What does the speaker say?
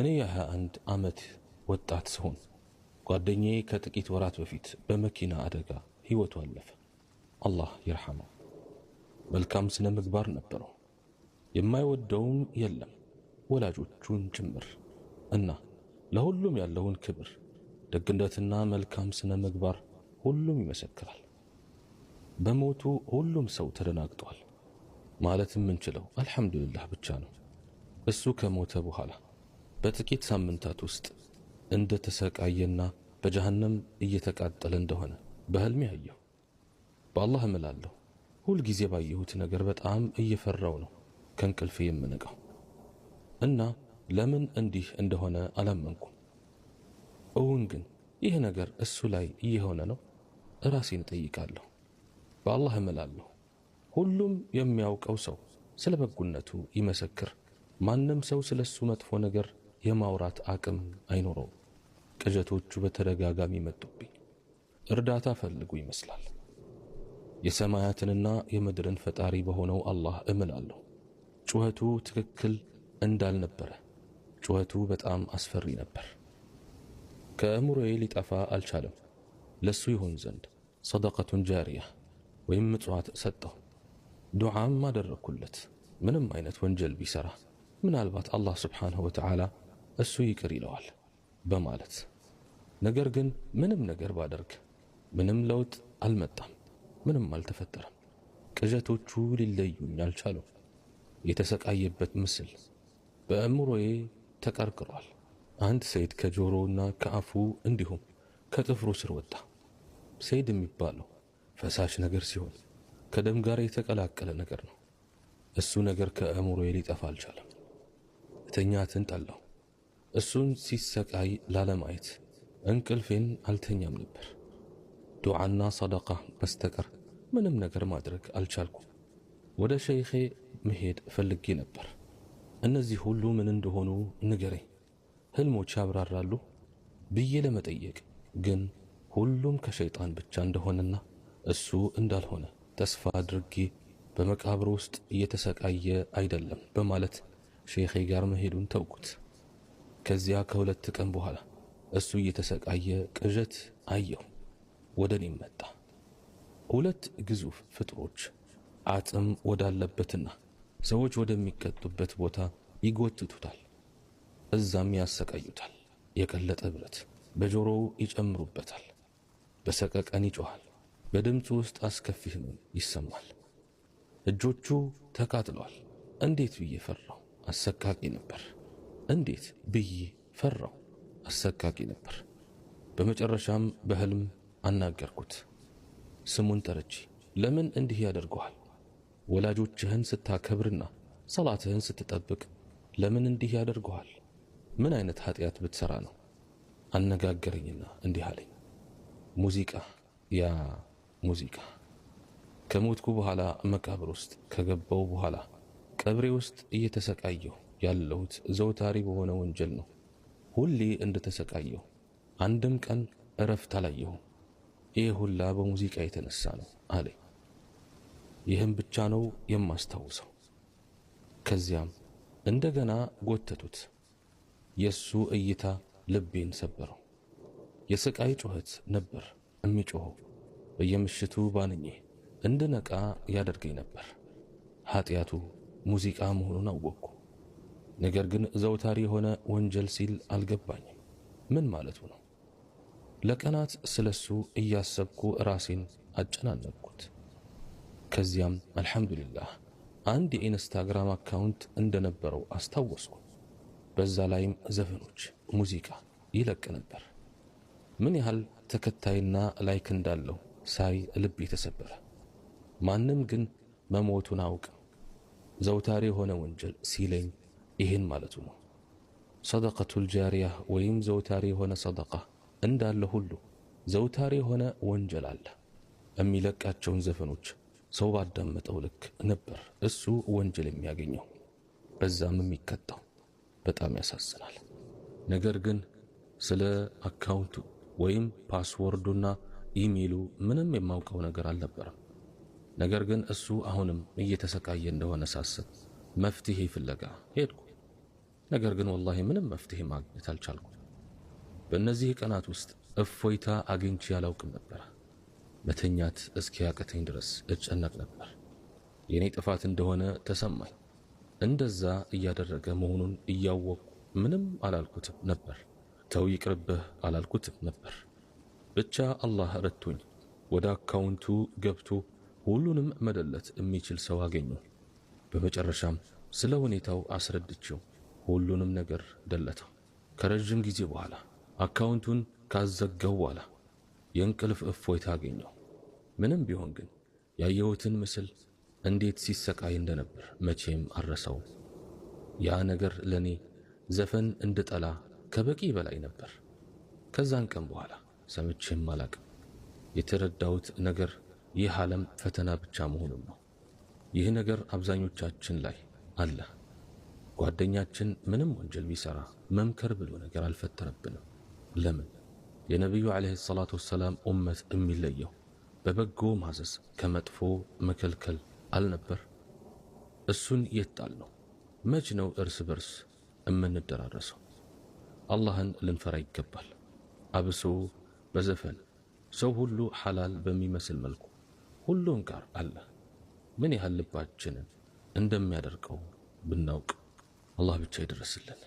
እኔ የ21 ዓመት ወጣት ስሆን ጓደኛዬ ከጥቂት ወራት በፊት በመኪና አደጋ ሕይወቱ አለፈ። አላህ ይርሐመው። መልካም ስነ ምግባር ነበረው። የማይወደውም የለም ወላጆቹን ጭምር እና ለሁሉም ያለውን ክብር፣ ደግነትና መልካም ስነ ምግባር ሁሉም ይመሰክራል። በሞቱ ሁሉም ሰው ተደናግጧል ማለት የምንችለው አልሐምዱሊላህ ብቻ ነው። እሱ ከሞተ በኋላ በጥቂት ሳምንታት ውስጥ እንደ ተሰቃየና በጀሃነም እየተቃጠለ እንደሆነ በህልሜ አየሁ። በአላህ እምላለሁ ሁል ጊዜ ባየሁት ነገር በጣም እየፈራው ነው ከእንቅልፌ የምነቃው እና ለምን እንዲህ እንደሆነ አላመንኩም። እውን ግን ይህ ነገር እሱ ላይ እየሆነ ነው? ራሴን እጠይቃለሁ። በአላህ እምላለሁ ሁሉም የሚያውቀው ሰው ስለ በጎነቱ ይመሰክር። ማንም ሰው ስለ እሱ መጥፎ ነገር የማውራት አቅም አይኖረውም። ቅዠቶቹ በተደጋጋሚ መጡብኝ። እርዳታ ፈልጉ ይመስላል። የሰማያትንና የምድርን ፈጣሪ በሆነው አላህ እምላለሁ። ጩኸቱ ትክክል እንዳልነበረ፣ ጩኸቱ በጣም አስፈሪ ነበር። ከእምሮዬ ሊጠፋ አልቻለም። ለሱ ይሆን ዘንድ ሰደቀቱን ጃሪያ ወይም ምጽዋት ሰጠሁ። ዱዓም አደረግኩለት። ምንም አይነት ወንጀል ቢሰራ ምናልባት አላህ ስብሓንሁ ወተዓላ እሱ ይቅር ይለዋል በማለት ነገር ግን ምንም ነገር ባደርግ ምንም ለውጥ አልመጣም፣ ምንም አልተፈጠረም። ቅዠቶቹ ሊለዩኝ አልቻሉም። የተሰቃየበት ምስል በእምሮዬ ተቀርቅሯል። አንድ ሰይድ ከጆሮና ከአፉ እንዲሁም ከጥፍሩ ስር ወጣ። ሰይድ የሚባለው ፈሳሽ ነገር ሲሆን ከደም ጋር የተቀላቀለ ነገር ነው። እሱ ነገር ከእምሮዬ ሊጠፋ አልቻለም። እተኛትን ጠላው። እሱን ሲሰቃይ ላለማየት እንቅልፌን አልተኛም ነበር። ዱዓና ሰደቃ በስተቀር ምንም ነገር ማድረግ አልቻልኩም። ወደ ሸይኼ መሄድ ፈልጌ ነበር። እነዚህ ሁሉ ምን እንደሆኑ ንገረኝ፣ ህልሞች ያብራራሉ ብዬ ለመጠየቅ ግን ሁሉም ከሸይጣን ብቻ እንደሆነና እሱ እንዳልሆነ ተስፋ አድርጌ በመቃብር ውስጥ እየተሰቃየ አይደለም በማለት ሼኼ ጋር መሄዱን ተውኩት። ከዚያ ከሁለት ቀን በኋላ እሱ እየተሰቃየ ቅዠት አየሁ። ወደ እኔም መጣ። ሁለት ግዙፍ ፍጥሮች አጥም ወዳለበትና ሰዎች ወደሚቀጡበት ቦታ ይጎትቱታል። እዛም ያሰቃዩታል። የቀለጠ ብረት በጆሮው ይጨምሩበታል። በሰቀቀን ይጮኋል። በድምፁ ውስጥ አስከፊ ህመም ይሰማል። እጆቹ ተቃጥለዋል። እንዴት ብዬ ፈራው። አሰቃቂ ነበር። እንዴት ብዬ ፈራው። አሰቃቂ ነበር። በመጨረሻም በህልም አናገርኩት። ስሙን ጠርቼ ለምን እንዲህ ያደርገዋል? ወላጆችህን ስታከብርና ሰላትህን ስትጠብቅ ለምን እንዲህ ያደርገዋል? ምን አይነት ኃጢአት ብትሰራ ነው? አነጋገረኝና እንዲህ አለኝ። ሙዚቃ፣ ያ ሙዚቃ ከሞትኩ በኋላ መቃብር ውስጥ ከገባው በኋላ ቀብሬ ውስጥ እየተሰቃየሁ ያለሁት ዘውታሪ በሆነ ወንጀል ነው። ሁሌ እንደተሰቃየሁ አንድም ቀን እረፍት አላየሁም። ይህ ሁላ በሙዚቃ የተነሳ ነው አለ። ይህም ብቻ ነው የማስታውሰው። ከዚያም እንደገና ጎተቱት። የሱ እይታ ልቤን ሰበረው። የስቃይ ጩኸት ነበር እሚጮኸው። በየምሽቱ ባንኜ እንድነቃ ያደርገኝ ነበር። ኃጢአቱ ሙዚቃ መሆኑን አወቅኩ። ነገር ግን ዘውታሪ የሆነ ወንጀል ሲል አልገባኝም። ምን ማለቱ ነው? ለቀናት ስለሱ እያሰብኩ ራሴን አጨናነቅኩት። ከዚያም አልሐምዱሊላህ አንድ የኢንስታግራም አካውንት እንደነበረው አስታወስኩ። በዛ ላይም ዘፈኖች፣ ሙዚቃ ይለቅ ነበር። ምን ያህል ተከታይና ላይክ እንዳለው ሳይ ልብ የተሰበረ ማንም ግን መሞቱን አውቅም ዘውታሪ የሆነ ወንጀል ሲለኝ ይህን ማለቱ ነው። ሰደቀቱል ጃሪያ ወይም ዘውታሪ የሆነ ሰደቃ እንዳለ ሁሉ ዘውታሪ የሆነ ወንጀል አለ። የሚለቃቸውን ዘፈኖች ሰው ባዳመጠው ልክ ነበር እሱ ወንጀል የሚያገኘው በዛም የሚቀጣው። በጣም ያሳዝናል። ነገር ግን ስለ አካውንቱ ወይም ፓስወርዱና ኢሜይሉ ምንም የማውቀው ነገር አልነበረም። ነገር ግን እሱ አሁንም እየተሰቃየ እንደሆነ ሳስብ መፍትሄ ፍለጋ ሄድኩ። ነገር ግን ወላሂ ምንም መፍትሄ ማግኘት አልቻልኩም። በእነዚህ ቀናት ውስጥ እፎይታ አግኝቼ አላውቅም ነበር። መተኛት እስኪያቅተኝ ድረስ እጨነቅ ነበር። የእኔ ጥፋት እንደሆነ ተሰማኝ። እንደዛ እያደረገ መሆኑን እያወቅኩ ምንም አላልኩትም ነበር። ተው ይቅርብህ አላልኩትም ነበር። ብቻ አላህ ረድቶኝ ወደ አካውንቱ ገብቶ ሁሉንም መደለት የሚችል ሰው አገኘ በመጨረሻም ስለ ሁኔታው አስረድችው ሁሉንም ነገር ደለተው። ከረዥም ጊዜ በኋላ አካውንቱን ካዘጋው በኋላ የእንቅልፍ እፎይታ አገኘው። ምንም ቢሆን ግን ያየሁትን ምስል እንዴት ሲሰቃይ እንደነበር መቼም አረሰው። ያ ነገር ለኔ ዘፈን እንድጠላ ከበቂ በላይ ነበር። ከዛን ቀን በኋላ ሰምቼም አላቅም። የተረዳሁት ነገር ይህ ዓለም ፈተና ብቻ መሆኑን ነው። ይህ ነገር አብዛኞቻችን ላይ አለ። ጓደኛችን ምንም ወንጀል ቢሰራ መምከር ብሎ ነገር አልፈጠረብንም። ለምን የነቢዩ ዓለይሂ ሰላቱ ወሰላም ኡመት የሚለየው በበጎ ማዘዝ ከመጥፎ መከልከል አልነበር? እሱን የጣል ነው። መች ነው እርስ በርስ እምንደራረሰው? አላህን ልንፈራ ይገባል። አብሶ በዘፈን ሰው ሁሉ ሐላል በሚመስል መልኩ ሁሉም ጋር አለ። ምን ያህል ልባችንን እንደሚያደርቀው ብናውቅ Allah bütçeyi resilen.